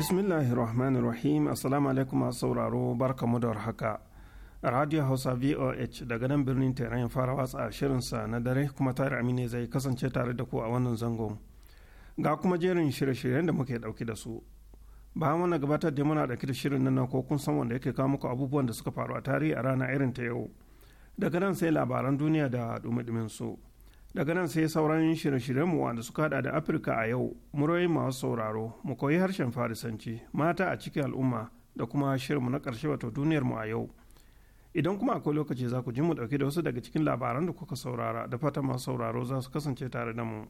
bismillahirrahmanirrahim rahim assalamu alaikum masu sauraro barkamu da warhaka radio hausa voh daga nan birnin tehran fara watsa shirinsa na dare kuma tare amine zai kasance tare da ku a wannan zangon ga kuma jerin shirye-shiryen da muke dauki da su bayan wannan gabatar da muna dauki da shirin nan ko kun san wanda yake kawo muku abubuwan da suka faru a tarihi a rana irin ta yau daga nan sai labaran duniya da dumi-dumin su daga nan sai sauran shirye-shiryenmu wanda suka hada da afirka a yau murai masu sauraro mu koyi harshen farisanci mata a cikin al'umma da kuma shirinmu na ƙarshe wato duniyarmu a yau idan kuma akwai lokaci za ku ji mu dauke da wasu daga cikin labaran da kuka saurara da fata masu sauraro za su kasance tare da mu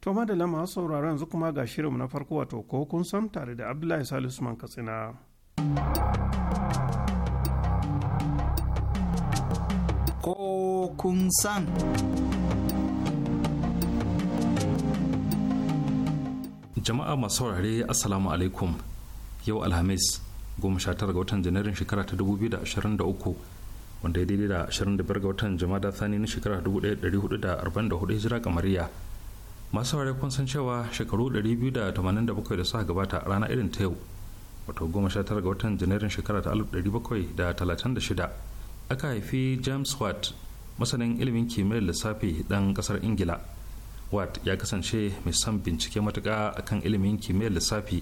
to madalla masu sauraro yanzu kuma ga shirinmu na farko wato ko kun san tare da abdullahi salisu man katsina ko kun san jama'a masu saurare assalamu alaikum yau alhamis 19 ga watan janairun shekara ta 2023 wanda ya daidai da 25 ga watan jama'a thani na shekara 1444 hijira kamariya masu saurare kun san cewa shekaru 287 da suka gabata a rana irin ta yau wato 19 ga watan janairun shekara ta 1736 aka haifi james watt masanin ilimin kimiyyar lissafi dan kasar ingila watt ya kasance mai son bincike matuƙa akan ilimin kimiyyar lissafi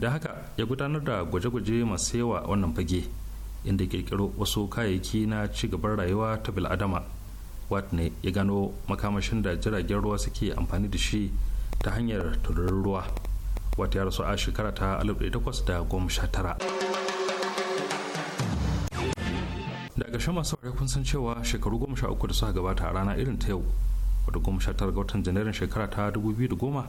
da haka ya gudanar da gwaje-gwaje masu yawa a wannan fage inda kirkiro wasu kayayyaki na ci gaban rayuwa ta bil'adama watt ne ya gano makamashin da jiragen ruwa suke amfani da shi ta hanyar tururin ruwa Watt ya rasu a shekara ta 1819 daga shan masu kun san cewa shekaru goma sha uku da suka gabata a rana irin ta yau wadda goma sha tara ga watan janairun shekara ta dubu biyu da goma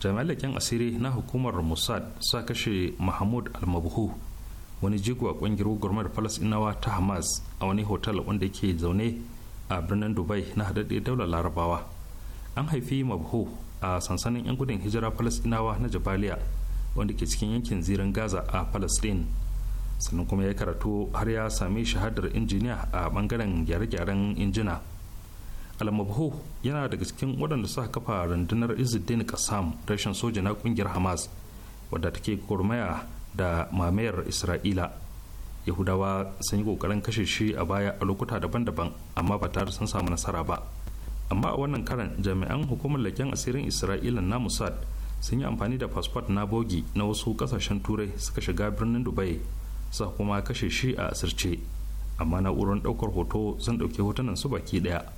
jami'an leƙen asiri na hukumar mossad sa kashe mahmud almabuhu wani jigo a ƙungiyar falas inawa ta hamas a wani hotel wanda yake zaune a birnin dubai na haɗaɗɗe daular larabawa an haifi mabuhu a sansanin 'yan gudun hijira falasɗinawa na jabaliya wanda ke cikin yankin zirin gaza a palestine sannan kuma ya karatu har ya sami shahadar injiniya a bangaren gyare-gyaren injina almabhu yana daga cikin waɗanda suka kafa rundunar izuddin kasam rashin soja na ƙungiyar hamas wadda take gurmaya da mamayar isra'ila yahudawa sun yi ƙoƙarin kashe shi a baya a lokuta daban-daban amma ba tare sun samu nasara ba amma a wannan karan jami'an hukumar leken asirin isra'ila na musad sun yi amfani da fasfot na bogi na wasu kasashen turai suka shiga birnin dubai sa kuma kashe shi a asirce amma na'urar ɗaukar hoto sun ɗauki hotunan su baki ɗaya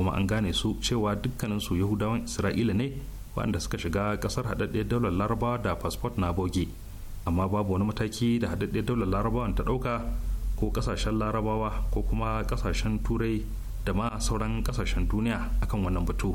kuma an gane su cewa dukkanin su yahudawan isra'ila ne waɗanda suka shiga ƙasar haɗaɗɗiyar daular larabawa da fasfot na boge amma babu wani mataki da haɗaɗɗiyar daular larabawan ta ɗauka ko ƙasashen larabawa ko kuma ƙasashen turai da ma sauran ƙasashen duniya akan wannan batu.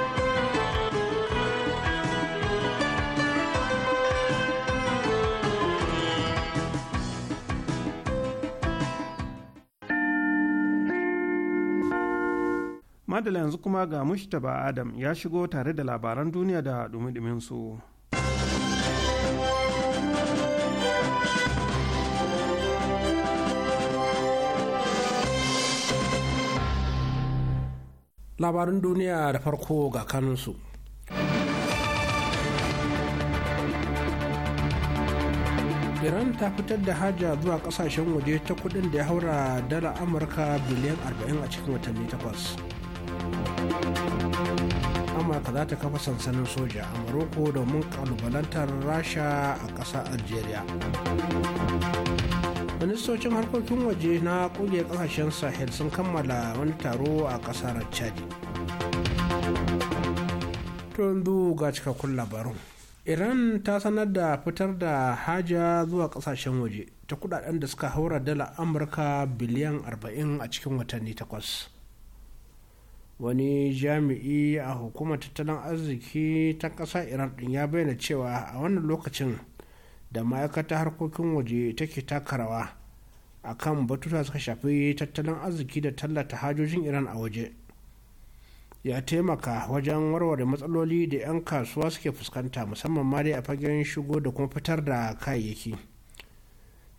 madala yanzu kuma ga mushtaba adam ya shigo tare da labaran duniya da dumi su. labarin duniya da farko ga kanunsu iran ta fitar da haja zuwa kasashen waje ta kudin da ya haura dala amurka biliyan 40 a cikin watanni takwas amurka za ta kafa sansanin soja a morocco domin kalubalantar rasha a ƙasa algeria ministocin harkokin waje na ƙungiyar ƙasashen sahel sun kammala wani taro a ƙasar chadi tundu ga cikakkun labarun iran ta sanar da fitar da haja zuwa ƙasashen waje ta kudaden da suka haura dala amurka biliyan 40 a cikin watanni takwas wani jami'i a hukumar tattalin arziki ta ƙasa iran ɗin ya bayyana cewa a wannan lokacin da ma'aikatar harkokin waje take takarawa a kan batuta suka shafi tattalin arziki da tallata hajojin iran a waje ya taimaka wajen warware matsaloli da 'yan kasuwa suke fuskanta musamman ma dai a fagen shigo da kuma fitar da kayayyaki.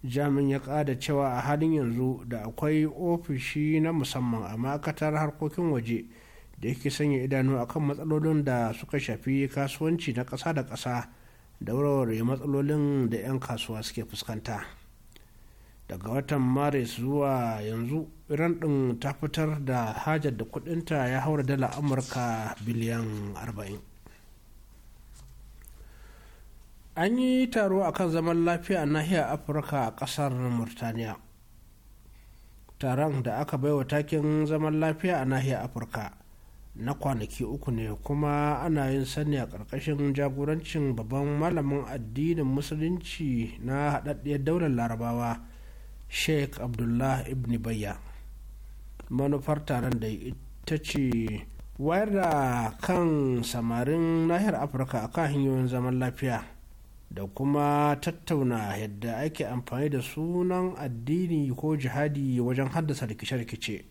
jami'in ya kada cewa a halin yanzu da akwai ofishi na musamman a ma'aikatar harkokin waje da yake sanya idanu akan matsalolin da suka shafi kasuwanci na ƙasa da ƙasa da warware matsalolin da 'yan kasuwa suke fuskanta daga watan maris zuwa yanzu iran ɗin ta fitar da hajar da kudinta ya haura dala amurka biliyan 40 an yi taro a kan zaman lafiya a nahiyar afirka a kasar murtaniya taron da aka baiwa takin zaman lafiya a nahiyar afirka na kwanaki uku ne kuma ana yin sani a ƙarƙashin jagorancin babban malamin addinin musulunci na haɗaɗɗiyar daular larabawa sheikh abdullah ibn bayya manufar taron da ita ce wayar da kan samarin nahiyar afirka kan hanyoyin zaman lafiya da kuma tattauna yadda ake amfani da sunan addini ko jihadi wajen haddasa rikice-rikice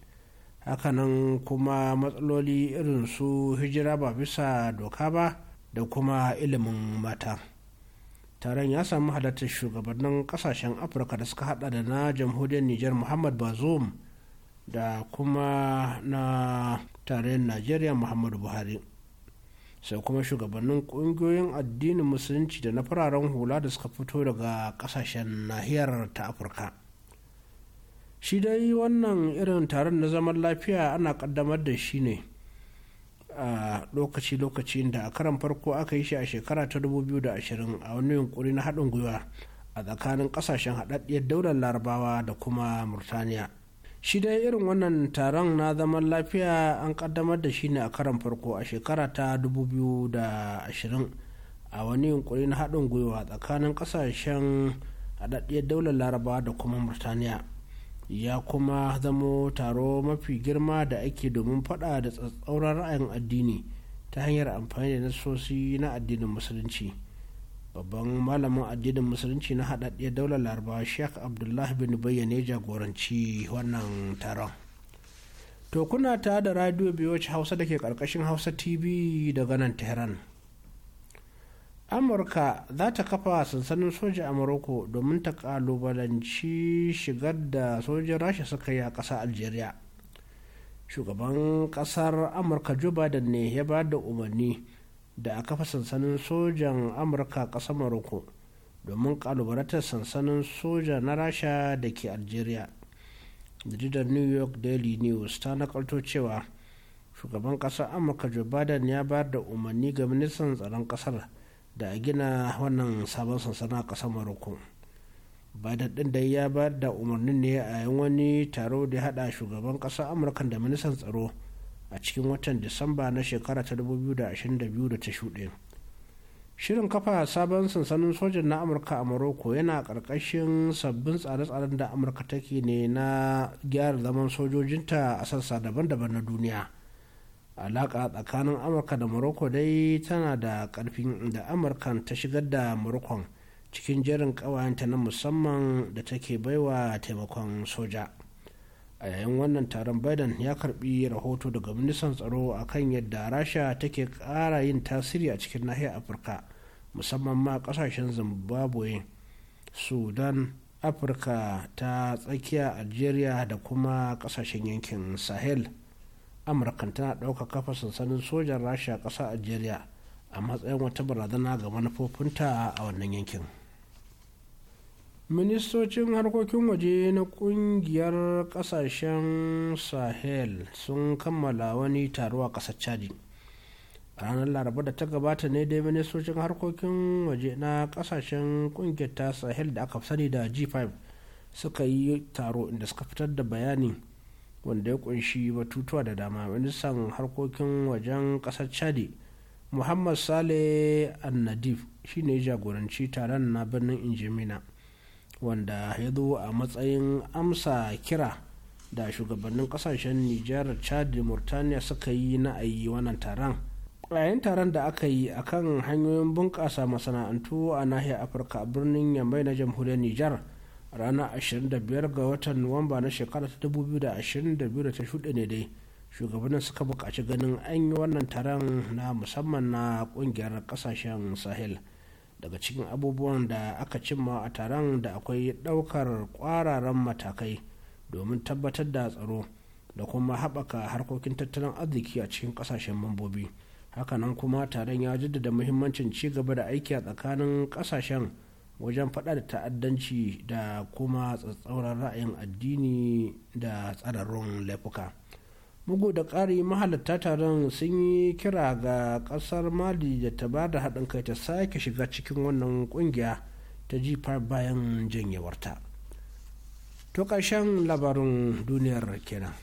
hakanan kuma matsaloli irin su hijira ba bisa doka ba da kuma ilimin mata taron ya samu halartar shugabannin kasashen afirka da suka hada da na jamhuriyar niger muhammad bazoum da kuma na tarayyar nigeria muhammadu buhari sai kuma shugabannin kungiyoyin addinin musulunci da na fararen hula da suka fito daga kasashen nahiyar ta afirka shi dai wannan irin taron na zaman lafiya ana kaddamar da shi ne a lokaci-lokaci da a karan farko aka yi shi a shekara ta 2020 a wani yunkuri na haɗin gwiwa a tsakanin kasashen haɗaɗɗiyar daular larabawa da kuma murtaniya shi dai irin wannan taron na zaman lafiya an kaddamar da shi ne a karan farko a shekara ta 2020 a wani yunkuri na haɗin gwiwa tsakanin ƙasashen haɗaɗɗiyar daular laraba da kuma murtaniya ya kuma zamo taro mafi girma da ake domin faɗa da tsatsauran ra'ayin addini ta hanyar amfani da nasosi na addinin musulunci. babban malamin addinin musulunci na haɗaɗɗiyar daular laraba sheikh abdullahi bin bayyane jagoranci wannan taron to kuna ta da radio biyoci hausa da ke ƙarƙashin hausa tv daga nan tehran amurka za ta kafa sansanin soja a Maroko, domin ta kalubalanci shigar da sojin rasha suka yi a ƙasa algeria shugaban ƙasar amurka joe biden ne ya ba da umarni da a kafa sansanin sojan amurka ƙasar morocco domin kalubalantar sansanin soja na rasha da ke algeria jaridar new york daily news ta nakalto cewa shugaban ƙasar amurka joe biden ya bayar da umarni ga ministan tsaron ƙasar da a gina wannan sabon sansanin a ƙasar morocco biden ɗin da ya bayar da umarnin ne a wani taro da ya haɗa shugaban ƙasar amurka da ministan tsaro a cikin watan disamba na shekara ta 2022 da ta shuɗe shirin kafa sabon sansanin sojan na amurka a morocco yana ƙarƙashin sabbin tsare-tsaren da amurka take ne na gyara zaman sojojinta a sassa daban-daban na duniya alaƙa tsakanin amurka da morocco dai tana da ƙarfin da amurka ta shigar da morocco cikin jerin ƙawayenta na musamman da take baiwa taimakon soja. a yayin wannan taron biden ya karbi rahoto daga ministan tsaro a kan yadda rasha take kara yin tasiri a cikin nahiyar afirka musamman ma kasashen zimbabwe sudan afirka ta tsakiya algeria da kuma kasashen yankin sahel amurka tana ɗauka kafa sansanin sojan rasha ƙasa algeria a matsayin wata barazana ga manufofinta a wannan yankin. ministocin harkokin waje na kungiyar kasashen sahel sun kammala wani taro a kasar chadi a ranar laraba da ta gabata ne dai ministocin harkokin waje na kasashen kungiyar ta sahel da aka sani da g5 suka yi taro inda suka fitar da bayani wanda ya kunshi batutuwa da dama ministan harkokin wajen kasar chadi muhammad saleh annadif shine jagoranci taron na birnin injimina wanda ya zo a matsayin amsa kira da shugabannin kasashen nijar chad da murtaniya suka yi na a yi wannan taron yayin taron da aka yi a kan hanyoyin bunƙasa masana'antu a nahiyar afirka a birnin yamai na jamhuriyar nijar ranar 25 ga watan nuwamba na shekara 2022 da ta shuɗe ne dai shugabannin suka buƙaci ganin an yi wannan taron na musamman na ƙungiyar ƙasashen sahel daga cikin abubuwan da aka cimma a taron da akwai daukar ƙwararan matakai domin tabbatar da tsaro da kuma haɓaka harkokin tattalin arziki a cikin ƙasashen mambobi hakanan kuma taron ya jaddada muhimmancin ci gaba da aiki a tsakanin ƙasashen wajen faɗa da ta'addanci da kuma tsatsauran ra'ayin addini da tsararrun laifuka. bugu da ƙari mahalatta taron sun yi kira ga ƙasar mali da ta ba da haɗin kai ta sake shiga cikin wannan ƙungiya ta jifa bayan janyewarta to ƙarshen labarin duniyar kenan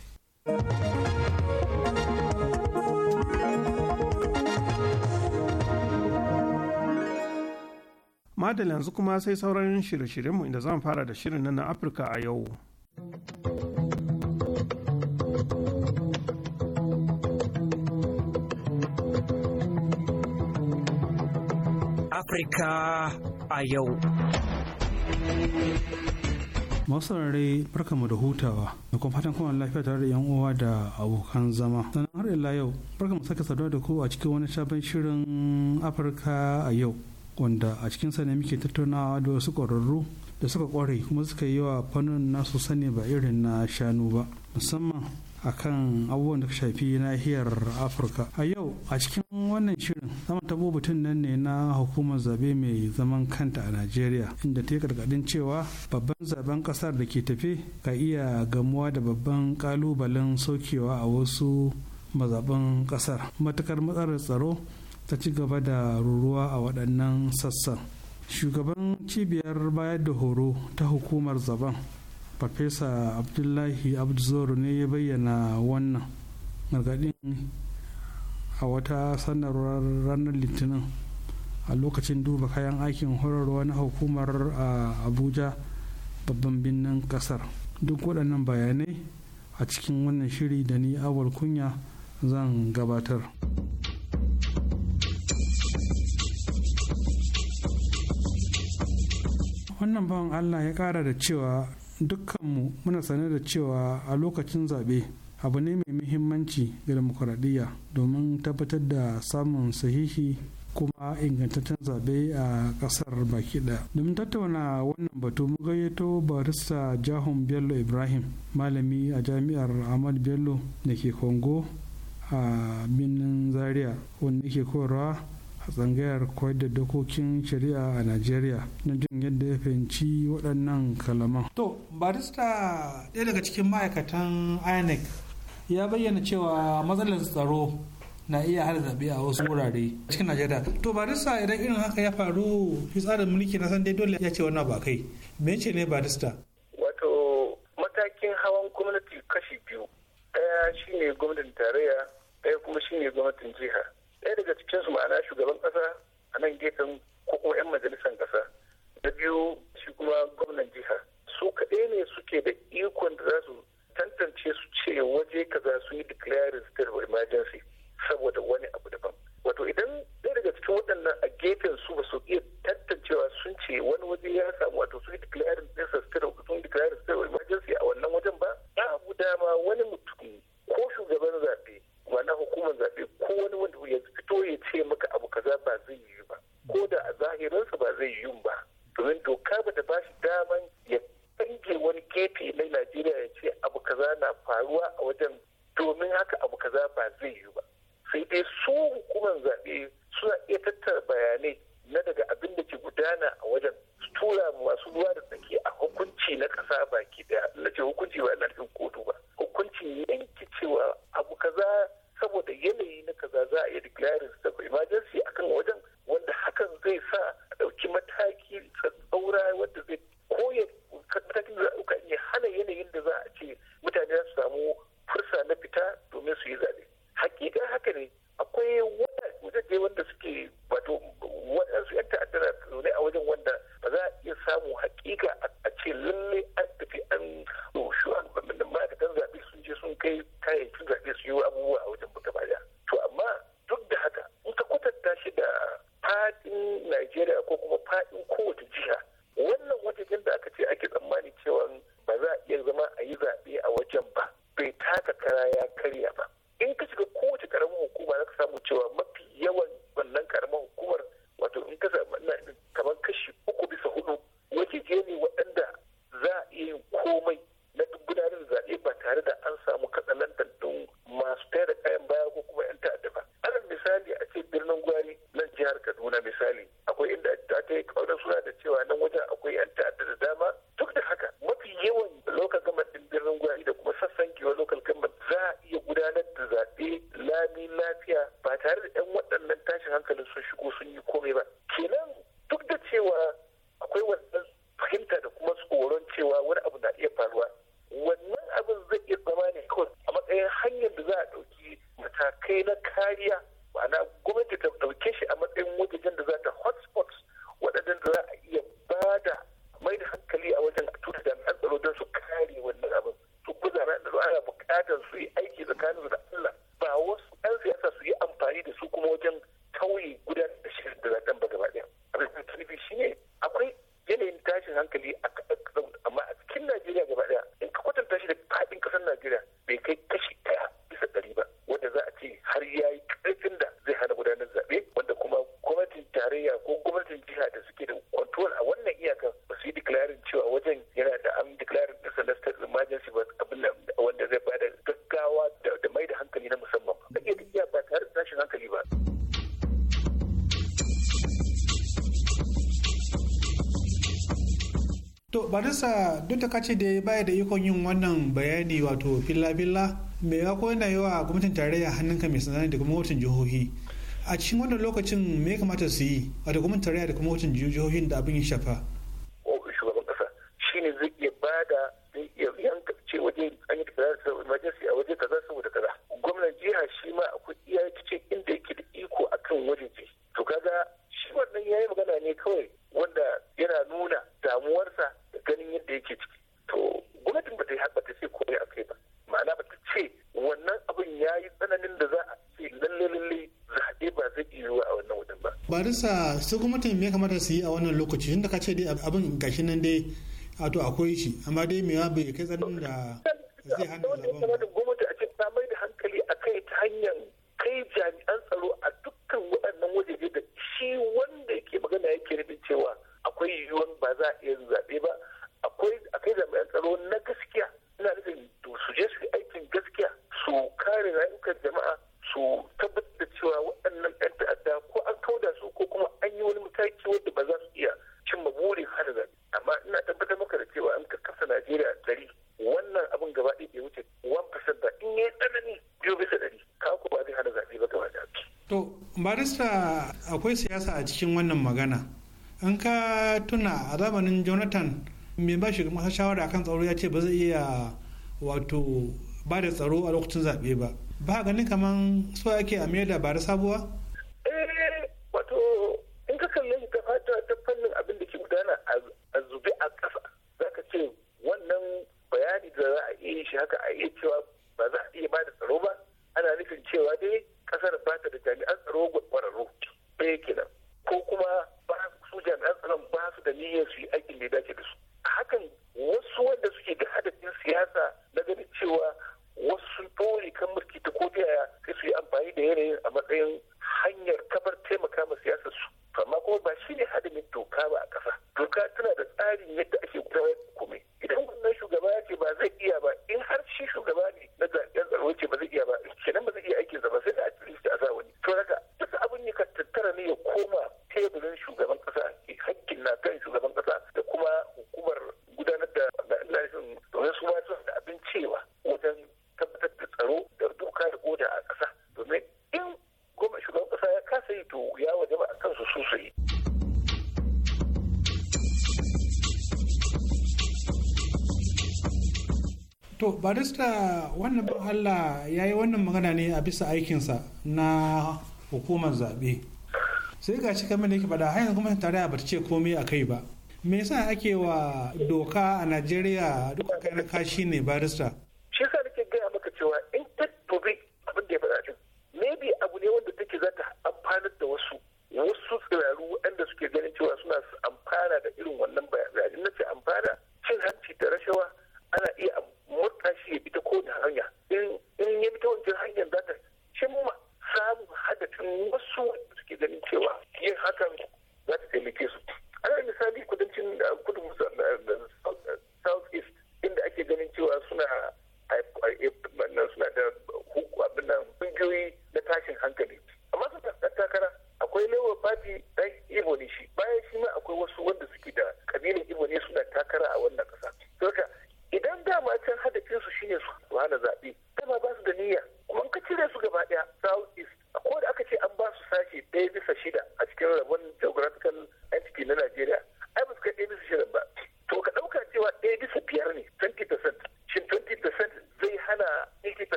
madal yanzu kuma sai sauran shirye-shiryenmu inda zan fara da shirin na afirka a yau Afirka a yau. Masu rarrai barkamu da hutawa da kuma fatan kowane lafiya tare da yan uwa da abokan zama. Sannan har illa yau mu sake saduwa da ku a cikin wani sabon shirin Afirka a yau wanda a cikin ne muke tattaunawa da wasu ƙwararru da suka ƙware kuma suka yi wa fannin nasu sani ba irin na shanu ba musamman akan abubuwan da ka shafi nahiyar afirka a yau a cikin wannan shirin zama tabo batun nan ne na hukumar zabe mai zaman kanta a najeriya inda ta yi gargadin cewa babban zaben kasar da ke tafe ka iya gamuwa da babban kalubalen saukewa a wasu mazaɓin kasar matukar matsalar tsaro ta ci gaba da ruruwa a waɗannan sassan shugaban cibiyar bayar da horo ta hukumar zaben farfesa abdullahi abduzoro ne ya bayyana wannan gargaɗin a wata sanarwar ranar litinin a lokacin duba kayan aikin horarwa na hukumar a abuja babban birnin ƙasar. duk waɗannan bayanai a cikin wannan shiri da ni awal kunya zan gabatar wannan ban allah ya ƙara da cewa dukkanmu muna sane da cewa a lokacin zaɓe abu ne mai muhimmanci ga demokuraɗiyya domin tabbatar da samun sahihi kuma ingantaccen zaɓe a ƙasar baki ɗaya. Domin tattauna wannan batu mu gayyato barista Jahun Bello Ibrahim malami a jami'ar Ahmad Bello da ke Kongo a birnin Zaria wanda ke korawa Zangayar tsangayar koyar da dokokin shari'a a najeriya na jin yadda ya fahimci waɗannan kalaman to barista ɗaya daga cikin ma'aikatan inec ya bayyana cewa matsalar tsaro na iya hada zabe a wasu wurare cikin najeriya to barista idan irin haka ya faru fi tsarin mulki na san dai dole ya ce wannan ba kai mece ne barista wato matakin hawan gwamnati kashi biyu ɗaya shine gwamnatin tarayya ɗaya kuma shine gwamnatin jiha ɗaya daga cikin su ma'ana shugaban ƙasa a nan gefen ko kuma 'yan majalisar ƙasa na biyu shi kuma gwamnan jiha su kaɗai ne suke da ikon da za su tantance su ce waje kaza su yi declaring state of emergency saboda wani abu daban wato idan ɗaya daga cikin waɗannan a gefen su ba su iya tantancewa sun ce wani waje ya samu wato su yi declaring state of emergency a wannan wajen ba za a dama wani akwai inda ta yi kaunar suna da cewa nan wajen akwai 'yan ta'adda da dama duk da haka mafi yawan ta kace da baya da ikon yin wannan bayani wato filla-filla mai ya yana yi wa gwamnatin tarayya hannunka mai sanani da gwamnatin jihohi a cikin wannan lokacin me ya kamata su yi da gwamnatin tarayya da gwamnatin jihohin da abin ya shafa barisa su gwamnatin me kamata su yi a wannan lokaci tun da ka ce dai abin gashi nan dai to akwai shi amma dai mewa bai kai tsanin da zai hana barista akwai siyasa a cikin wannan magana an ka tuna a zamanin jonathan mai ba shi masa shawara akan tsaro ya ce ba zai iya wato ba da tsaro a lokacin zaɓe ba ba ganin kamar so ake a da bari sabuwa shugaban kasa hakkin na kan shugaban kasa da kuma hukumar gudanar da lafin domin su ba da abin cewa wajen tabbatar da tsaro da doka da oda a kasa domin in goma shugaban kasa ya kasa yi to ya waje ba a kansu su su yi. To barista wannan bin Allah ya yi wannan magana ne a bisa aikinsa na hukumar zaɓe. sai ga shi kamar da yake fada har yanzu gwamnatin tarayya bata ce komai a kai ba me yasa ake wa doka a najeriya duka kai na kashi ne barista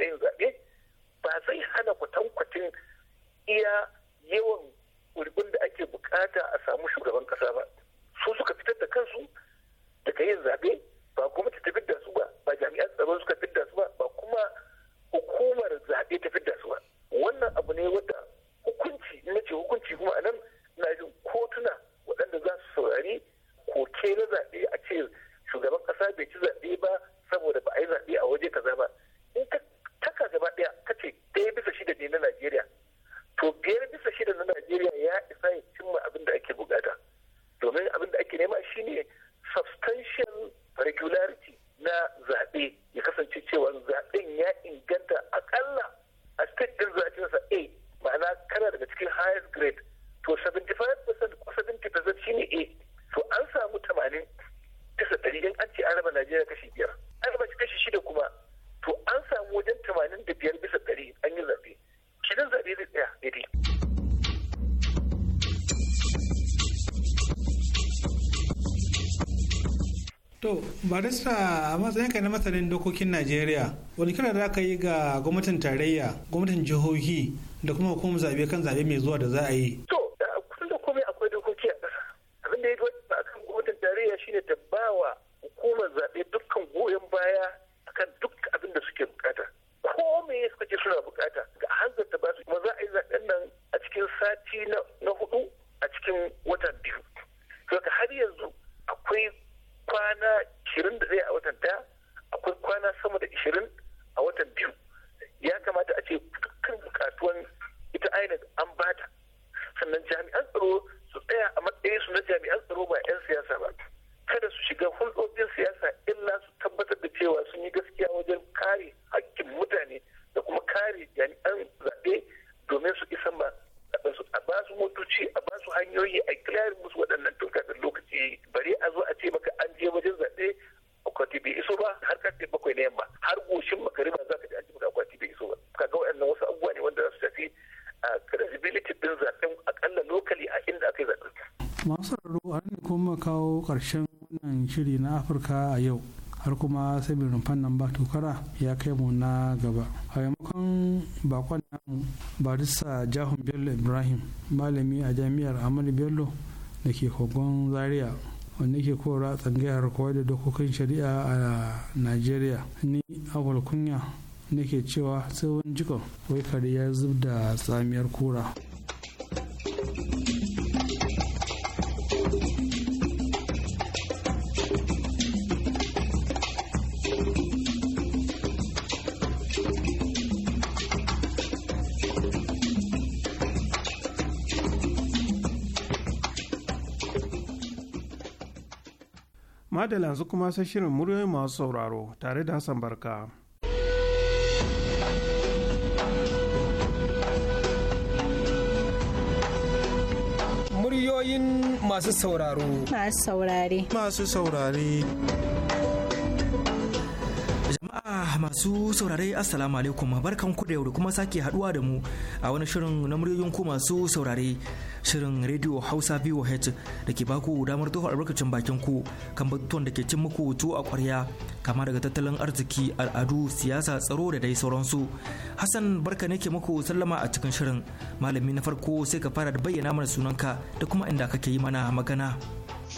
da yin zaɓe ba zai hana kwatankwacin iya yawan ƙurbin da ake bukata a samu shugaban ƙasa ba su suka fitar da kansu daga yin zaɓe ba gwamnati ta tafi da su ba ba jami'an tsaron suka a matsayinka na masanin dokokin najeriya wani kira da aka yi ga gwamnatin tarayya gwamnatin jihohi da kuma hukumar zabe kan zabe mai zuwa da za a yi waɗannan jami'an tsaro su tsaya a matsayin su na jami'an tsaro ba 'yan siyasa ba kada su shiga hulɗoɗin siyasa illa su tabbatar da cewa sun yi gaskiya wajen kare hakkin mutane da kuma kare jami'an zaɓe domin su isan ba a ba su motoci a ba su hanyoyi a kilayar musu kuma kawo ƙarshen wannan shiri na afirka a yau har kuma sai rumfan nan ba tukara ya kai mu na gaba a yamakon bakon namu barista jahun bello ibrahim malami a jami'ar amadu bello da ke kogon zaria wanda ke kora tsangayar kawai da dokokin shari'a a nigeria ni awal kunya nake cewa tsohon jikon wai kare ya zub da tsamiyar kura. amma da yanzu kuma sai shirin muryoyi masu sauraro tare da hassan barka muryoyin masu sauraro masu saurare masu saurare ah masu saurare assalamu alaikum barkan ku da yau kuma sake haduwa da mu a wani shirin na muryoyin ku masu saurare shirin radio hausa voh da ke baku damar tofa albarkacin bakin ku kan batutuwan da ke cin muku tuwo a kwarya kama daga tattalin arziki al'adu siyasa tsaro da dai sauransu hassan barka ne ke muku sallama a cikin shirin malami na farko sai ka fara da bayyana mana sunanka da kuma inda kake yi mana magana.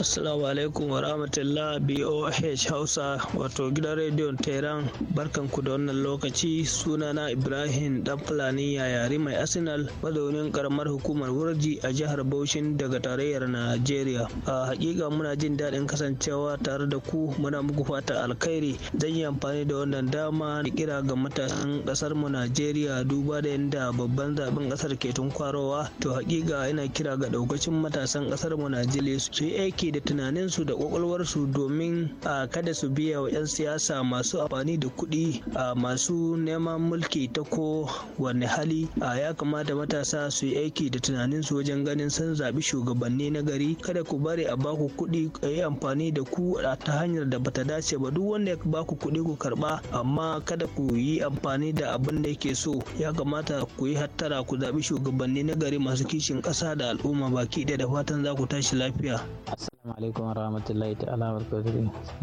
Assalamu alaikum wa rahmatullah BOH Hausa wato gidan rediyon Tehran barkanku da wannan lokaci sunana Ibrahim dan Fulani yayari mai Arsenal mazaunin karamar hukumar Wurji a jihar Baushin daga tarayyar Najeriya. A hakika muna jin daɗin kasancewa tare da ku muna muku fata alkhairi zan yi amfani da wannan dama da kira ga matasan kasar mu Najeriya duba da yadda babban zaben ƙasar ke tunkwarowa to hakika ina kira ga daukacin matasan kasar mu Najeriya su yi aiki aiki da tunaninsu da kwakwalwarsu domin a kada su biya wa 'yan siyasa masu amfani da kuɗi a masu neman mulki ta ko wani hali a ya kamata matasa su yi aiki da tunaninsu wajen ganin sun zaɓi shugabanni na gari kada ku bari a baku kuɗi a yi amfani da ku ta hanyar da bata dace ba duk wanda ya baku kuɗi ku karɓa amma kada ku yi amfani da abin da yake so ya kamata ku yi hattara ku zaɓi shugabanni na gari masu kishin ƙasa da al'umma baki ɗaya da fatan za ku tashi lafiya. Assalamu alaikum wa rahmatullahi ta'ala wa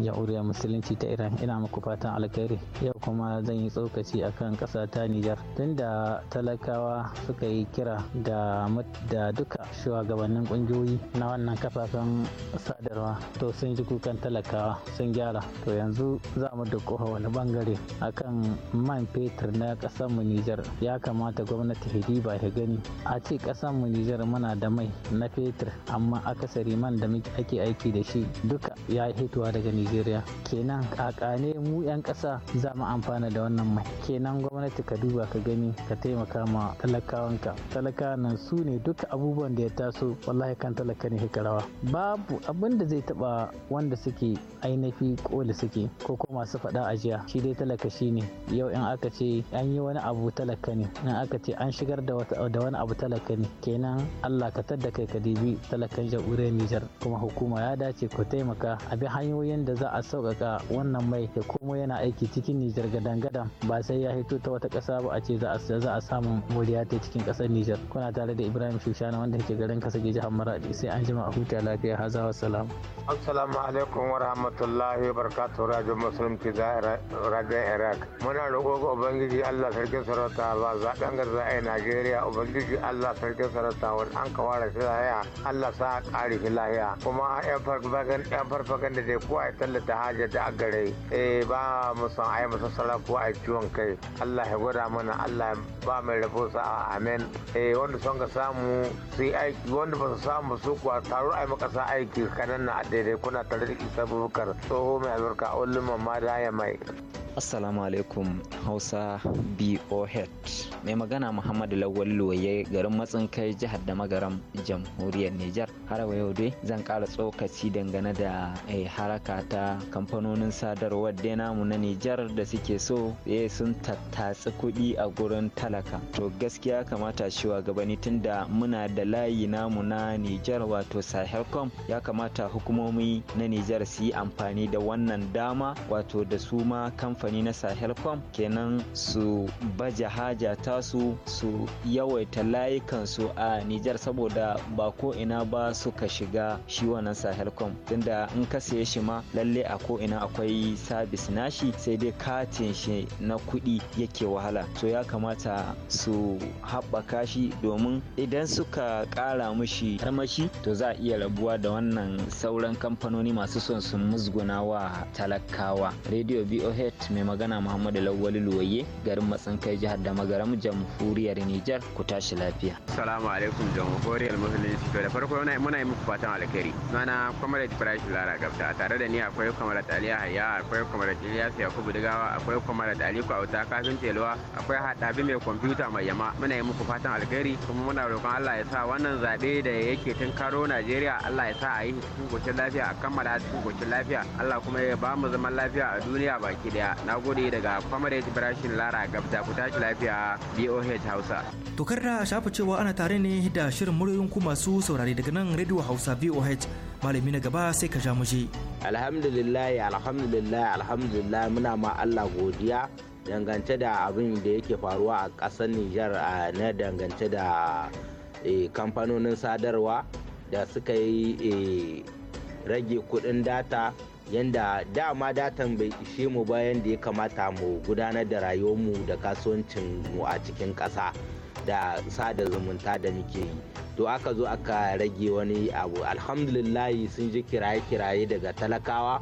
jamhuriyar musulunci ta Iran ina muku fatan alkhairi yau kuma zan yi tsokaci akan ƙasa ta Nijar tunda talakawa suka yi kira ga da duka shugabannin ƙungiyoyi na wannan kafafen sadarwa to sun ji kukan talakawa sun gyara to yanzu za mu dukuwa wani bangare akan man fetur na ƙasar mu Nijar ya kamata gwamnati hidiba ta gani a ce ƙasar mu Nijar muna da mai na fetur amma akasari man da muke ake aiki da shi duka ya hitowa daga nigeria kenan kakane mu 'yan kasa za mu amfana da wannan mai kenan gwamnati ka duba ka gani ka taimaka ma ka talaka nan su ne duka abubuwan da ya taso wallahi kan talaka ne rawa babu abin da zai taba wanda suke ainihi koli suke ko ko masu faɗa ajiya shi dai talaka shi ne yau in aka ce an yi wani abu talaka ne in aka ce an shigar da wani abu talaka ne kenan allah ka tadda kai ka dibi talakan jamhuriyar nijar kuma hukumar hukuma ya dace ku taimaka a bi hanyoyin da za a sauƙaƙa wannan mai ya komo yana aiki cikin Nijar gadan-gadan ba sai ya hito ta wata ƙasa ba a ce za a samu moriya ta cikin ƙasar Nijar. Kuna tare da Ibrahim Shushana wanda ke garin Kasage jihar Maradi sai an jima a huta lafiya haza wa salam. Assalamu alaikum wa rahmatullahi wa barakatuhu Radio Muslim Tiza Radio Iraq. Muna roƙo ga Ubangiji Allah sarki sarauta ba zaɓen garza a Najeriya Ubangiji Allah sarki sarauta wani an kawara shi lahiya Allah sa ƙari shi lahiya kuma kuma yan farfagan da ko a tallata hajar da agare eh ba mu san ai mu sara, ko a ciwon kai Allah ya gwada mana Allah ba mai rabo sa amen eh wanda son ka samu su yi aiki wanda ba su samu su kuwa taro ai makasa aiki kanan na daidai kuna tare da isa bukar tsoho mai albarka ulumar ma da ya mai Assalamu alaikum Hausa BOH. Mai magana Muhammadu Lawal Loye garin matsin kai jihar da magaram jamhuriyar Nijar. Har yau dai zan kara tsokaci dangane da eh, haraka ta kamfanonin sadarwar dai namu na Nijar da suke so sai eh, sun tattatsi kuɗi a gurin talaka. To gaskiya kamata gabani tun da muna da layi namu na Nijar wato Sahelcom ya kamata hukumomi na Nijar su yi amfani da wannan dama wato da su ma kamfani na sahelcom kenan su baje haja tasu su yawaita layukansu a nijar saboda ba ko ina ba suka shiga shi wannan sahelcom tunda in ka saye shi ma lalle a ko ina akwai sabis nashi sai dai katin shi na kuɗi yake wahala to ya kamata su haɓaka shi domin idan suka ƙara mushi armashi to za a iya rabuwa da wannan sauran kamfanoni masu son su musguna wa talakawa radio head. mai magana Muhammadu Lawali Luwaye garin Matsankai jihar Damagaram jamhuriyar Nijar ku tashi lafiya. Salamu alaikum jamhuriyar musulunci to da farko muna yi muku fatan alkhairi sunana Comrade Ibrahim Lara Gabta tare da ni akwai Comrade Ali Hayya akwai Comrade Ilyas Yakubu Digawa akwai Comrade Ali Auta Kafin teluwa. akwai Hadabi mai kwamfuta mai yama muna yi muku fatan alkhairi kuma muna roƙon Allah ya sa wannan zaɓe da yake tun karo Najeriya Allah ya sa a yi cikin lafiya a kammala cikin kocin lafiya Allah kuma ya ba mu zaman lafiya a duniya baki daya na gode daga comrade brashin lara gabda ku tashi lafiya boh hausa to da shafa cewa ana tare ne da shirin muryoyin ku masu saurari daga nan radio hausa boh malami na gaba sai ka ja muje alhamdulillah alhamdulillah alhamdulillah muna ma allah godiya dangance da abin da yake faruwa a ƙasar nijar na dangance da e, kamfanonin sadarwa da suka yi e, rage kudin data yanda dama da bai ishe mu ba yanda ya kamata mu gudanar da rayuwarmu da kasuwancin mu a cikin ƙasa da sada zumunta da muke yi to aka zo aka rage wani abu alhamdulillahi sun ji kiraye-kiraye daga talakawa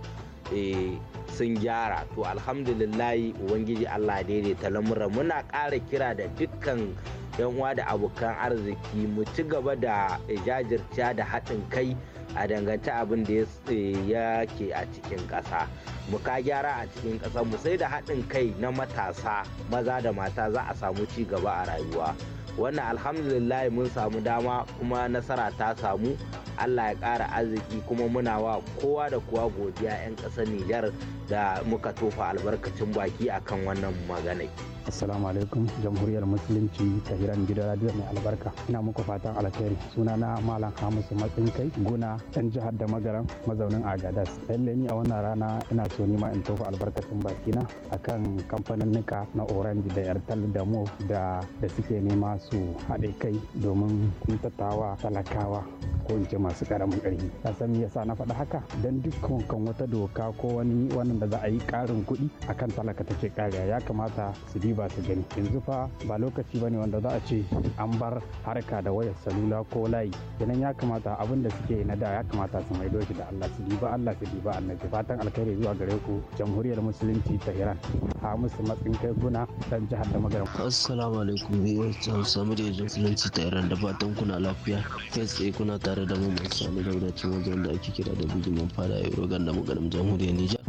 eh, sun gyara to alhamdulillahi ubangiji allah daidaita lamura muna ƙara kira da dukkan yan uwa da abokan arziki mu ci gaba da jajirta da haɗin kai a dangance abin da ya eh, ke a cikin ƙasa mu ka gyara a cikin ƙasar mu sai da haɗin kai na matasa maza da mata za a samu ci gaba a rayuwa wannan alhamdulillah mun samu dama kuma nasara ta samu allah ya ƙara arziki kuma muna wa kowa da kowa godiya 'yan ƙasar nijar da muka tofa albarkacin baki a kan wannan magana. Assalamu alaikum jamhuriyar musulunci ta hiran gidan radio mai albarka ina muku fatan alkhairi suna na malam hamisu matsin kai guna dan jihar da magaran mazaunin agadas lalle ni a wannan rana ina so nima in tofa albarkacin baki na akan kamfanin nika na orange da airtel da mo da da suke nema su haɗe kai domin kuntatawa talakawa ko in ce masu karamin ƙarfi kasan me yasa na faɗa haka dan dukkan wata doka ko wani wani da za a yi karin kuɗi a kan talaka take ƙariya ya kamata su diba su gani yanzu fa ba lokaci ba ne wanda za a ce an bar harka da wayar salula ko layi kenan ya kamata abin da suke na da ya kamata su maido shi da Allah su diba Allah su diba annabi fatan alkhairi zuwa gare ku jamhuriyar musulunci ta Iran ha musu matsin kai guna dan jihar da magaram assalamu alaikum biyu Hausa da musulunci ta Iran da fatan kuna lafiya kai tsaye kuna tare da mu mai sani da wajen da ake kira da bijimin fara yau rogan da magaram jamhuriyar Nijar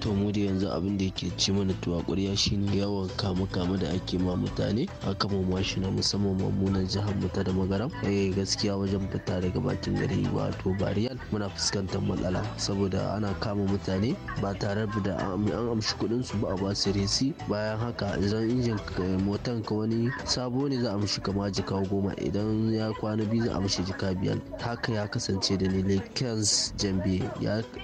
to mu da yanzu abin da yake ci mana tuwa ƙwarya shine yawan kama kama da ake ma mutane a mu mashi na musamman mamunan jihar mu ta da magaram eh gaskiya wajen fita daga bakin gari wato bariyal muna fuskantar matsala saboda ana kama mutane ba tare da an amshi kuɗin su ba a basu resi bayan haka idan injin motan ka wani sabo ne za a mishi kama jika goma idan ya kwana biyu za a mishi jika biyar haka ya kasance da ni lekens jambe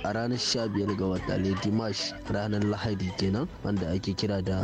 a ranar sha biyar ga wata lady bash ranar lahadi kenan wanda ake kira da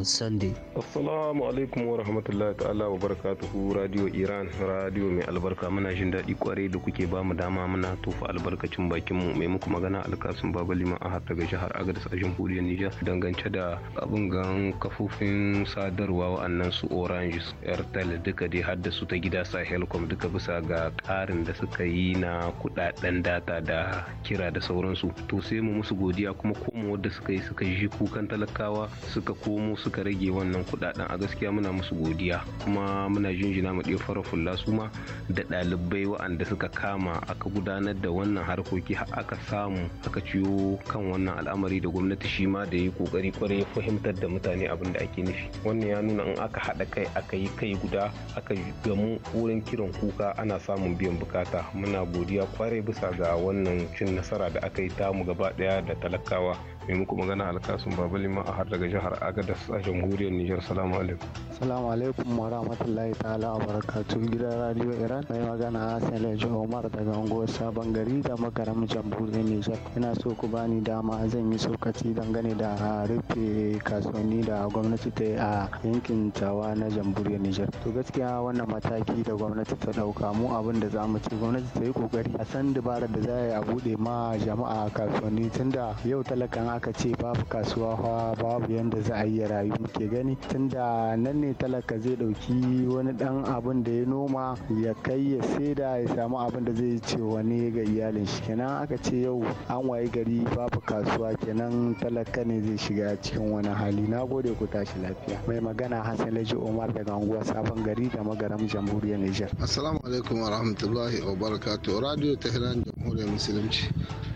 sunday assalamu alaikum wa rahmatullahi ta'ala wa barakatuhu radio iran radio mai albarka muna jin daɗi kwarai da kuke ba mu dama muna tofa albarkacin bakin mu mai muku magana alkasun baba liman a har daga jihar agadas a jamhuriyar nijar dangance da abin gan kafofin sadarwa wa'annan su orange airtel duka dai har da su ta gida sahelcom duka bisa ga ƙarin da suka yi na kuɗaɗen data da kira da sauransu to sai mu musu godiya kuma komo wadda suka yi suka ji kukan talakawa suka komo suka rage wannan kudaden a gaskiya muna musu godiya kuma muna jinjina mu ɗaya fara fulla su ma da ɗalibai wa'anda suka kama aka gudanar da wannan harkoki har aka samu aka ciyo kan wannan al'amari da gwamnati shi ma da ya kokari kwarai ya fahimtar da mutane abin da ake nufi wannan ya nuna in aka haɗa kai aka yi kai guda aka gamu wurin kiran kuka ana samun biyan bukata muna godiya kwarai bisa ga wannan cin nasara da aka yi tamu gaba ɗaya da talakawa Кирова. mai muku magana alkasun babalima a har daga jihar agada a jamhuriyar nijar salamu alaikum salamu alaikum wa rahmatullahi ta'ala wa barakatu gidan radio iran mai magana hassan laji omar daga unguwar sabon gari da makaram jamhuriyar nijar ina so ku bani dama zan yi sokaci dangane da rufe kasuwanni da gwamnati ta yi a yankin tawa na jamhuriyar nijar to gaskiya wannan mataki da gwamnati ta dauka mu abin da za mu ce gwamnati ta yi kokari a san dabarar da za a yi a bude ma jama'a kasuwanni tunda yau talakan aka ce babu kasuwa fa babu yadda za a yi rayu ke gani tunda nan ne talaka zai ɗauki wani dan abun da ya noma ya kai ya saida ya samu abin da zai ce wani ga iyalin shi kenan aka ce yau an wayi gari babu kasuwa kenan talaka ne zai shiga cikin wani hali na gode ku tashi lafiya mai magana hassan laji omar daga unguwar sabon gari da magaram jamhuriyar niger assalamu alaikum wa rahmatullahi wa barakatuh radio tehran jamhuriyar musulunci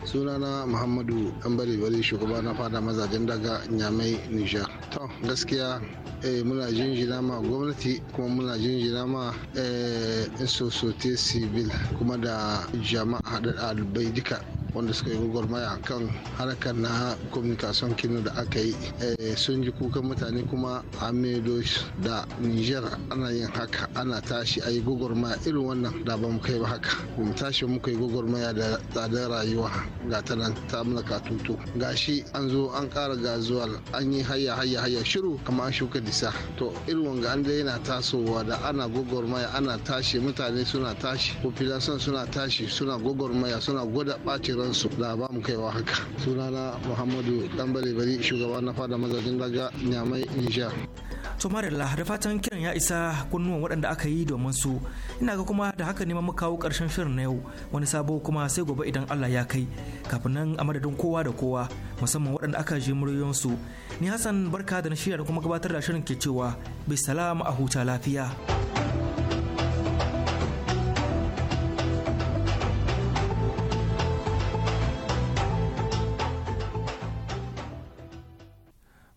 sunana muhammadu dan bari bari shugaba na fada mazajen daga nyamai nijar to gaskiya eh, muna jinjina ma gwamnati kuma muna jinjina ma eh, sosote civil kuma da jama'a haɗa albai duka wanda suka yi gwagwarmaya kan harkar na communication kinu da aka yi eh, sun ji kukan mutane kuma a da niger ana yin haka ana tashi a yi gwagwarmaya irin wannan da ba mu kai ba haka mu tashi muka yi gwagwarmaya da tsadar rayuwa ga ta nan ta mulka tuto gashi an zo an kara gazuwal an yi hayya hayya hayya shiru kama an shuka disa to irin wanga an dai yana tasowa da ana gwagwarmaya ana tashi mutane suna tashi population suna tashi suna gwagwarmaya suna gwada ɓacin sauransu da mu kaiwa haka sunana muhammadu dan bari shugaba na fada mazajin daga nyamai nijar to marilla da fatan kiran ya isa kunnuwan waɗanda aka yi domin su ina ga kuma da haka neman mu kawo karshen shirin na yau wani sabo kuma sai gobe idan allah ya kai kafin nan a madadin kowa da kowa musamman waɗanda aka ji muryoyinsu ni hassan barka da na shirya da kuma gabatar da shirin ke cewa bai salama a huta lafiya.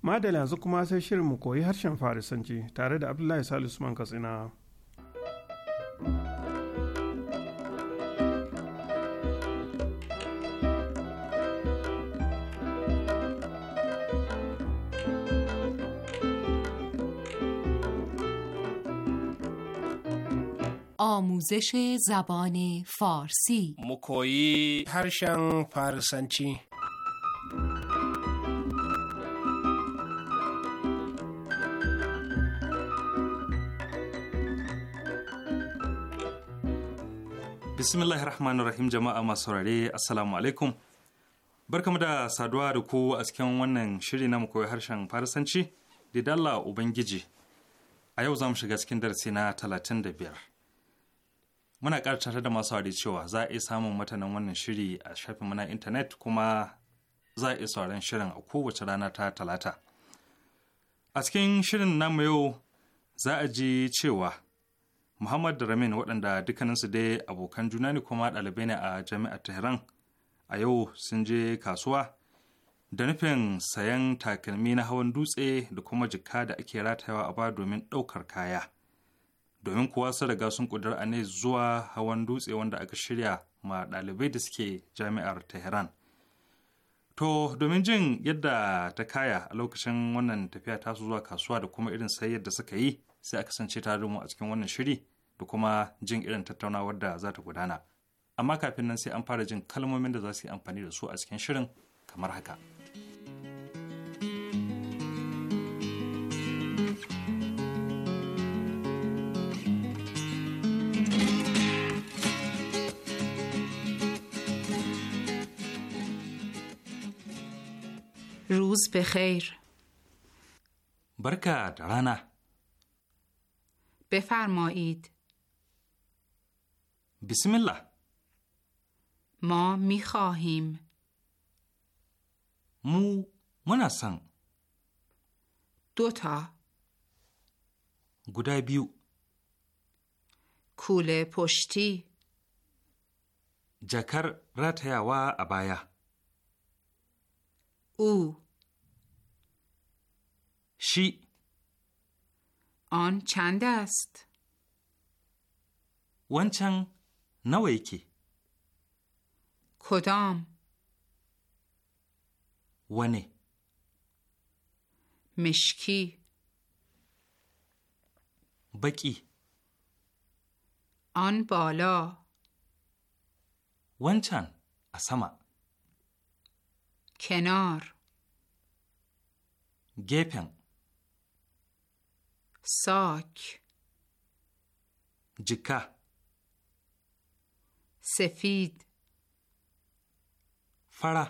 madal yanzu kuma sai shirin mu koyi harshen farisanci tare da abdullahi salisu man katsina آموزش زبان فارسی مکویی هرشن فارسنچی bismillahir rahmanir rahim jama'a masu saurare assalamu alaikum barkamu da saduwa da ku a cikin wannan shiri na koyi harshen farisanci da dalla ubangiji a yau za mu shiga cikin darasi na talatin da biyar muna tare da masu wari cewa za a iya samun matanan wannan shiri a shafin mana intanet kuma za a iya sauran shirin a kowace rana ta talata a cikin shirin namu yau za a ji cewa muhammad da ramin waɗanda dukkaninsu dai abokan juna ne kuma ɗalibai ne a jami'ar tehran a yau sun je kasuwa da nufin sayan takalmi na hawan dutse da kuma jikka da ake ratayawa a ba domin ɗaukar kaya domin kuwa sun riga sun a ne zuwa hawan dutse wanda aka shirya ma ɗalibai da suke jami'ar tehran To domin jin yadda ta kaya a lokacin wannan tafiya tasu zuwa kasuwa da kuma irin sayar da suka yi sai a kasance tare da mu a cikin wannan shiri da kuma jin irin tattaunawar da za ta gudana. Amma kafin nan sai an fara jin kalmomin da za su yi amfani da su a cikin shirin kamar haka. روز barka da rana. بفرمایید بسم الله ما می خواهیم مو مناسن دوتا گودای بیو کوله پشتی جکر را و ابایا. او شی آن چند است؟ نوی نویکی کدام؟ ونه مشکی بکی آن بالا چند اسما کنار گپن ساک جکه سفید فرا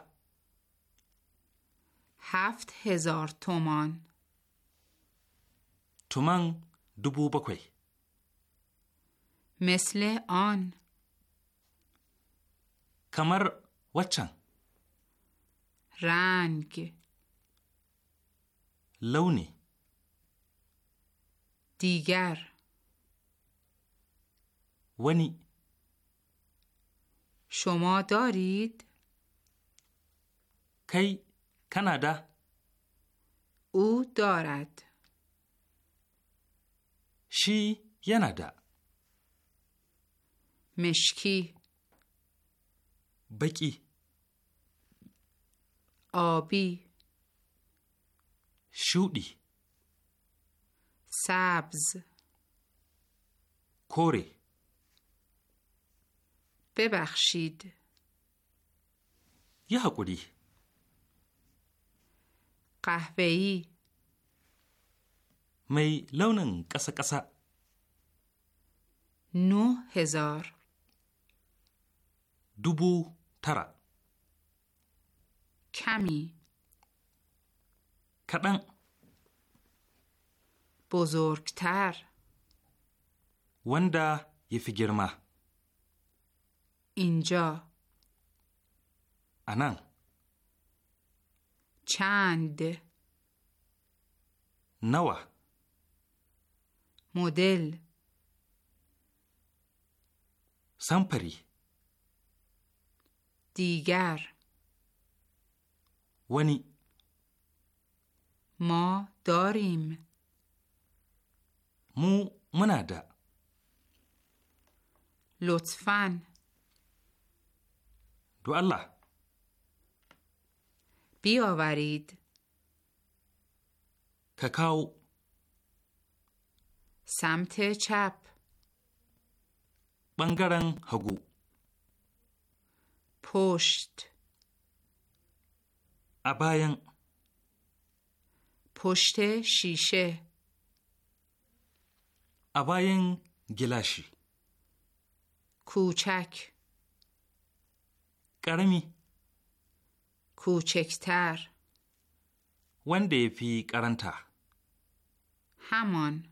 هفت هزار تومان تومان دوبو بکوی مثل آن کمر وچن رنگ لونی دیگر ونی شما دارید؟ کی کانادا او دارد شی یندا مشکی بکی آبی شودی سبز کوری ببخشید یه حقوری قهوه‌ای می لونن کسا کسا نو هزار دوبو ترا کمی کدن بزرگتر وندا یفی گرما اینجا انان چند نوا مدل سامپری دیگر ونی ما داریم mu muna da lotfan do Allah bioварid ka kawo samte chap ɓangaren hagu pusht a bayan pushte shishe اباین گلاشی کوچک قرمی کوچکتر ونده پی قرنتا همان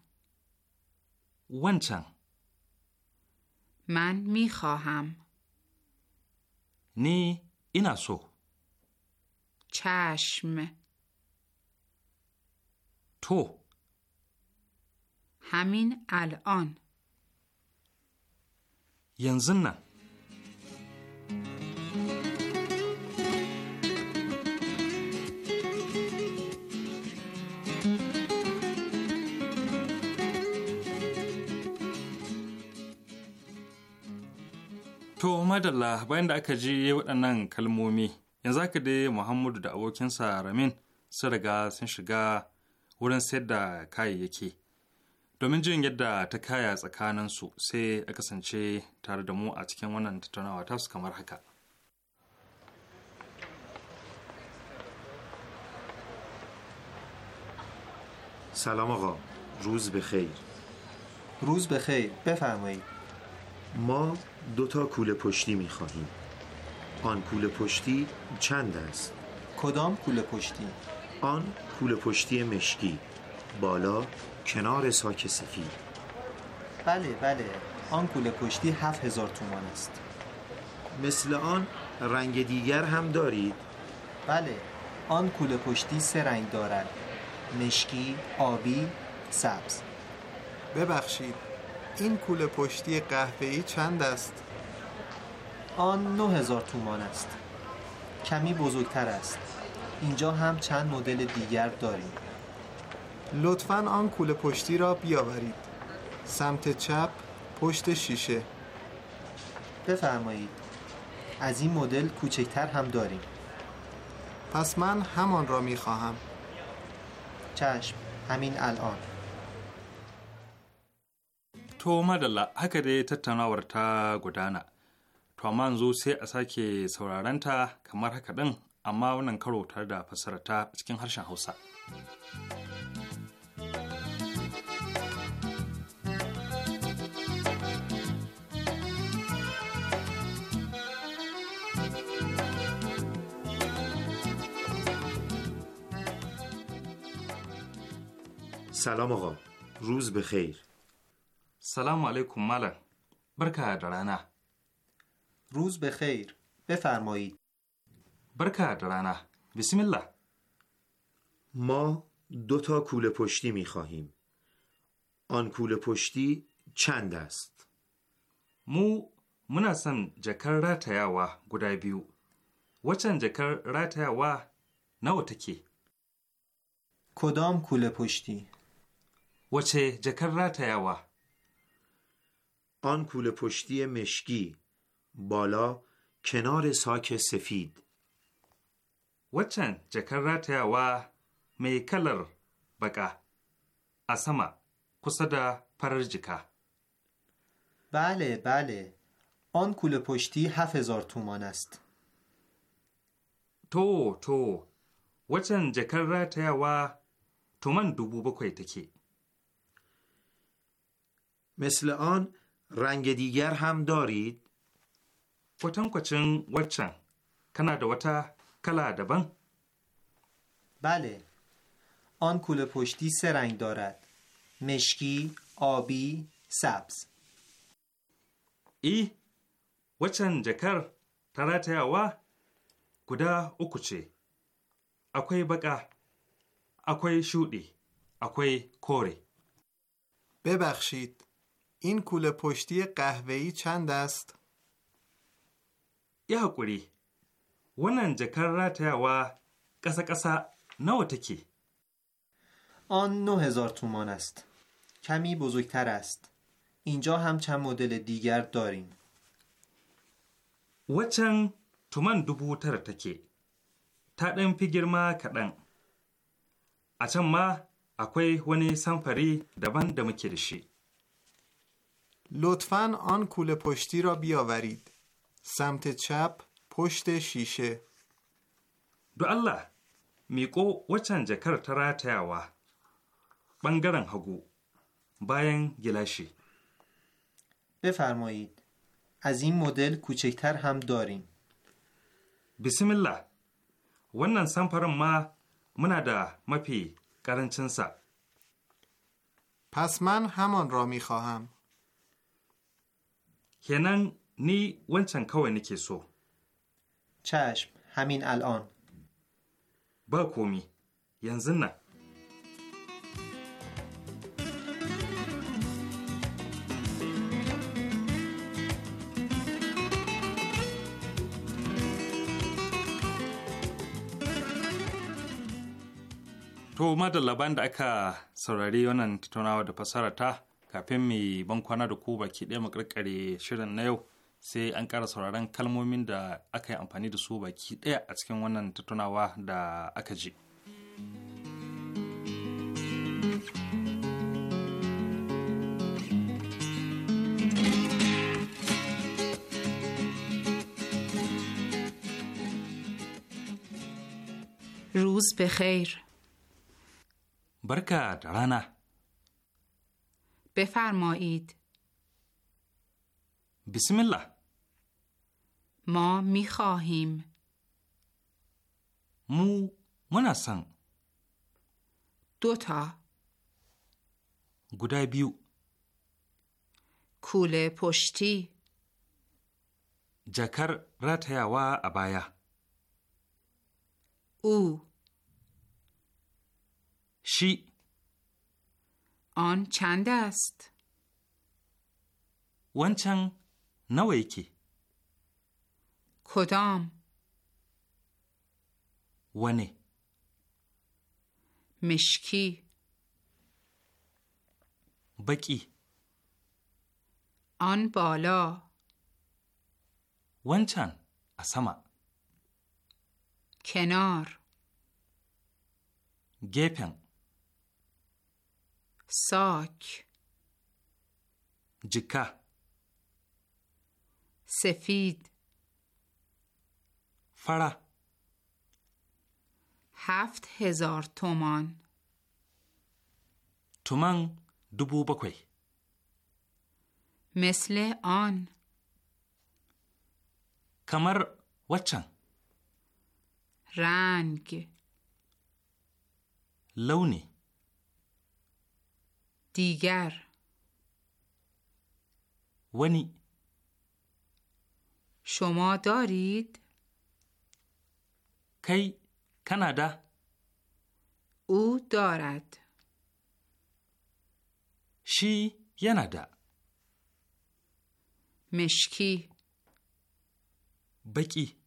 ونچن من میخواهم نی ایناسو چشم تو همین الان ینزن نه To, madalla bayan da aka ji waɗannan kalmomi, yanzu aka dai Muhammadu da abokinsa Ramin su riga sun shiga wurin sayar da kayayyaki. domin jin yadda ta kaya tsakanin su sai a kasance tare da mu a cikin wannan tattaunawa tasu kamar سلام آقا روز بخیر روز بخیر بفرمایید ما دو تا کوله پشتی میخواهیم آن کوله پشتی چند است؟ کدام کوله پشتی؟ آن کوله پشتی مشکی بالا کنار ساک سفید بله بله آن کوله پشتی هفت هزار تومان است مثل آن رنگ دیگر هم دارید؟ بله آن کوله پشتی سه رنگ دارد مشکی، آبی، سبز ببخشید این کوله پشتی قهوه‌ای چند است؟ آن نه هزار تومان است کمی بزرگتر است اینجا هم چند مدل دیگر داریم لطفا آن کوله پشتی را بیاورید سمت چپ پشت شیشه بفرمایید از این مدل کوچکتر هم داریم پس من همان را می چشم همین الان تو مدلا حکر تتنا ورتا گدانا تو من زو سی که سورارنتا کمار حکر دن اما ونن کرو تردا پسرتا چکن هرشن حوصا سلام آقا روز بخیر سلام علیکم ملک برکه درانه روز بخیر بفرمایید برکه درانه بسم الله ما دو تا کوله پشتی می خواهیم آن کوله پشتی چند است مو muna son jakar بیو و چند جکر را ratayawa نو تکی کدام کول پشتی وچه جکر راتیاوا آن کول پشتی مشکی بالا کنار ساک سفید وچن جکر راتیاوا می کلر بگه اسما پرر پررجکه بله بله آن کول پشتی هفت هزار تومان است تو تو وچن جکر راتیاوا تومان دوبو بکوی تکی مثل آن رنگ دیگر هم دارید؟ وطن کچن وچن کنا وطا کلا دبن؟ بله آن کوله پشتی سه رنگ دارد مشکی، آبی، سبز ای وچن جکر تراته اوا گدا اوکوچه چه اکوی بقا اکوی شودی اکوی کوری ببخشید این کوله پشتی قهوه‌ای چند است؟ یه حقوری ونن جکر راتاوا قسا قسا نو تکی آن نه هزار تومان است کمی بزرگتر است اینجا هم چند مدل دیگر داریم وچن تومان دوبو تر تکی تا دن فی گرما کدن a can ma akwai wani samfari daban da muke da shi. لطفا آن کوله پشتی را بیاورید سمت چپ پشت شیشه دو الله میکو وچن جکر تیاوا بنگرن هگو باین گلشی بفرمایید از این مدل کوچکتر هم داریم بسم الله wannan samfarin ما muna da mafi پس من همان را میخواهم کنن نی ونچن kawai nake so. چشم همین الان با کومی ینزن نه To madalla da aka saurari wannan tattaunawa da fasara ta kafin mai ban kwana da ku baki ɗaya mu karkare shirin na yau sai an ƙara sauraron kalmomin da aka yi amfani da su baki ɗaya a cikin wannan tattunawa da aka ji. روز barka da rana. بفرمایید بسم الله ما می خواهیم مو منسن دوتا گودای بیو کوله پشتی جکر و ابایا او شی آن چند است؟ ونچن نویکی کدام؟ ونه مشکی بکی آن بالا چند اسما کنار گپن ساک جکه سفید فرا هفت هزار تومان تومان دوبو بکوی مثل آن کمر وچن رنگ لونی دیگر ونی شما دارید؟ کی کانادا او دارد شی ینادا مشکی بکی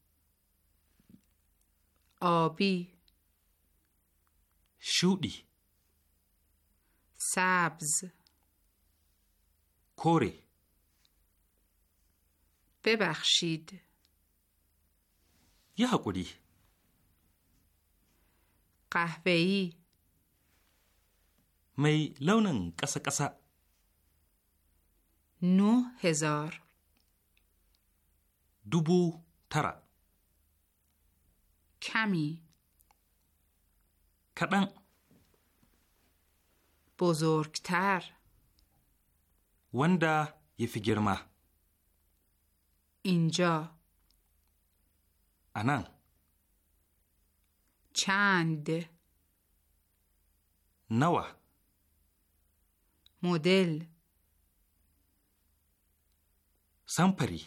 آبی شودی سبز کوری ببخشید یه حقوری قهوه‌ای می لونن کسا کسا نو هزار دوبو ترا کمی کدن بزرگتر وندا یفی اینجا انا چند نوا مدل سامپری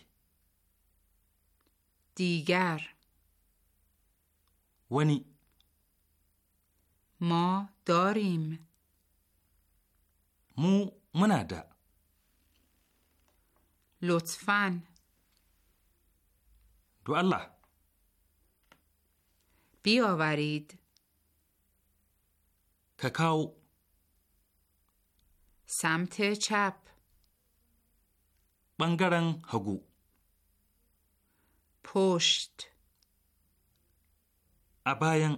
دیگر ونی ما داریم mu muna da lotfan do Allah biyawarid ka kawo samte chap ɓangaren hagu post a bayan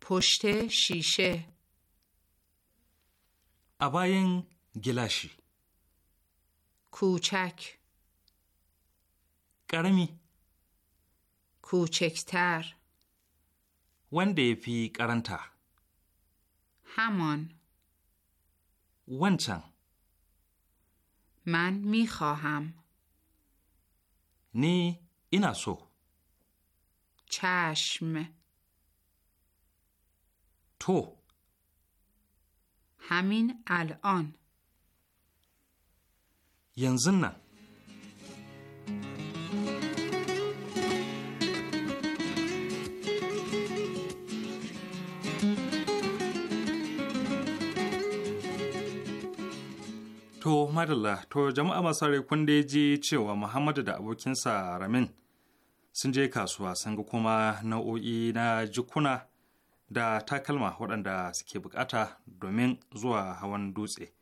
poste shishe اباین گلاشی کوچک قرمی کوچکتر ونده فی قرنتا همان ونچن من میخواهم نی اینا سو چشم تو همین الان ینزن To, madalla, to jama'a masu kun da ji cewa Muhammadu da abokinsa Ramin sun je kasuwa sun ga kuma nau'o'i na jikuna da takalma waɗanda suke bukata domin zuwa hawan dutse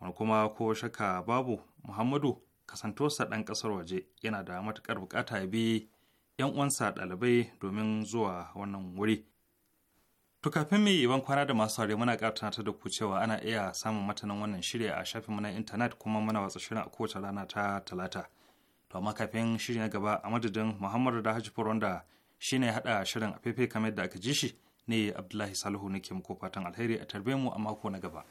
wani kuma ko shaka babu muhammadu kasantosa ɗan ƙasar waje yana da matuƙar bukata ya bi 'yan uwansa ɗalibai domin zuwa wannan wuri To kafin mu yi kwana da masu saurare muna ƙara da ku cewa ana iya samun matanin wannan shirya a shafin mu intanet kuma muna watsa shirin a kowace rana ta talata. To amma kafin shiri na gaba a madadin Muhammadu da Hajji shi da shine haɗa shirin a fefe kamar da aka ji shi ne abdullahi salihu nake muku fatan alheri a tarbe mu a mako na gaba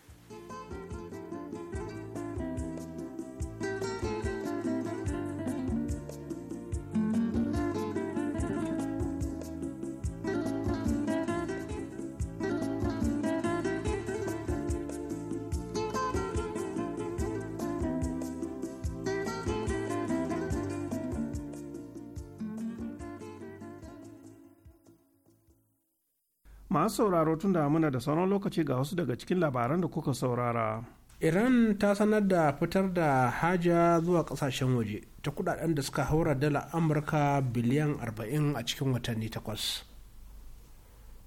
masu sauraro tun da muna da sauran lokaci ga wasu daga cikin labaran da kuka saurara. Iran ta sanar da fitar da haja zuwa kasashen waje ta kudaden da suka haura dala Amurka biliyan 40 a cikin watanni takwas.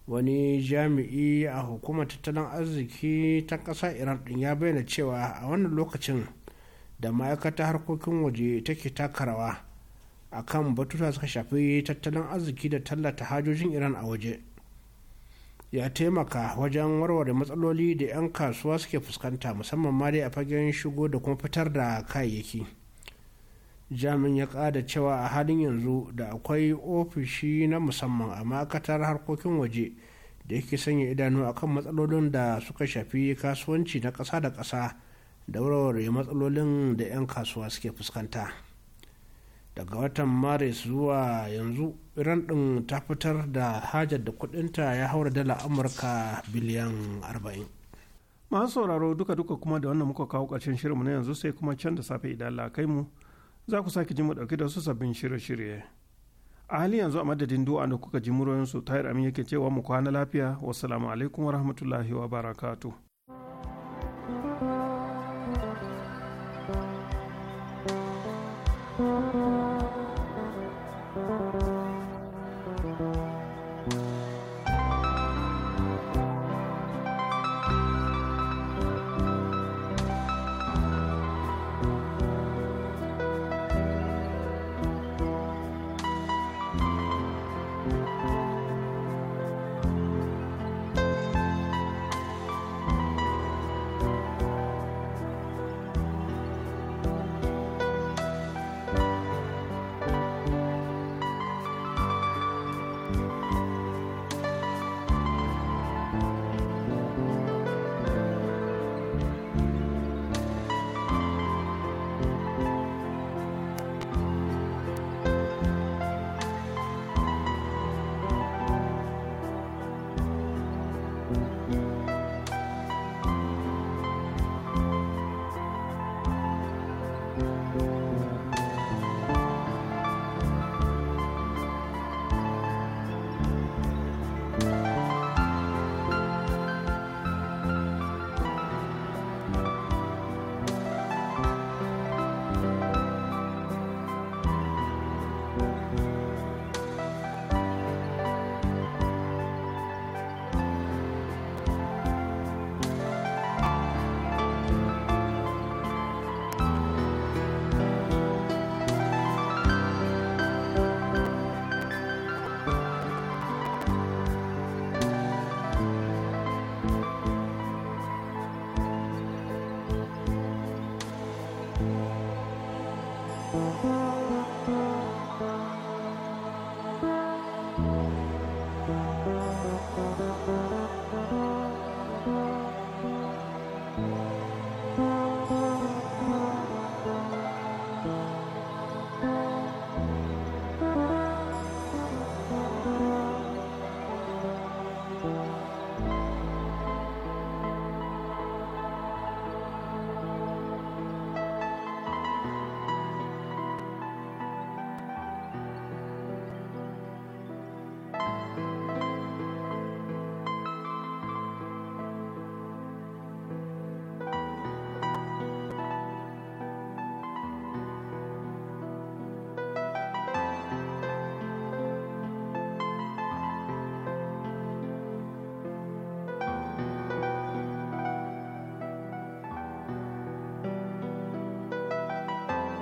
Wani jami'i a hukumar tattalin arziki ta ƙasa Iran ɗin ya bayyana cewa a wannan lokacin da ma'aikata harkokin waje take takarawa a kan batuta suka shafi tattalin arziki da tallata hajojin Iran a waje. ya taimaka wajen warware matsaloli da 'yan kasuwa suke fuskanta musamman ma dai a fagen shigo da kuma fitar da kayayyaki jami'in ya kada cewa a halin yanzu da akwai ofishi na musamman a ma'aikatar harkokin waje da yake sanya idanu akan matsalolin da suka shafi kasuwanci na ƙasa da ƙasa da warware matsalolin da 'yan kasuwa suke fuskanta. daga watan maris zuwa yanzu iran ɗin ta fitar da hajar da kudinta ya haura dala amurka biliyan 40 masu sauraro duka-duka kuma da wannan muka kawo ƙarshen shirinmu na yanzu sai kuma can da safe idan Allah kai mu za ku sake ji mu ɗauki da su sabbin shirye-shirye a halin yanzu a madadin du'a da kuka ji su tayar amin yake cewa mu kwana lafiya wassalamu alaikum wa barakatu.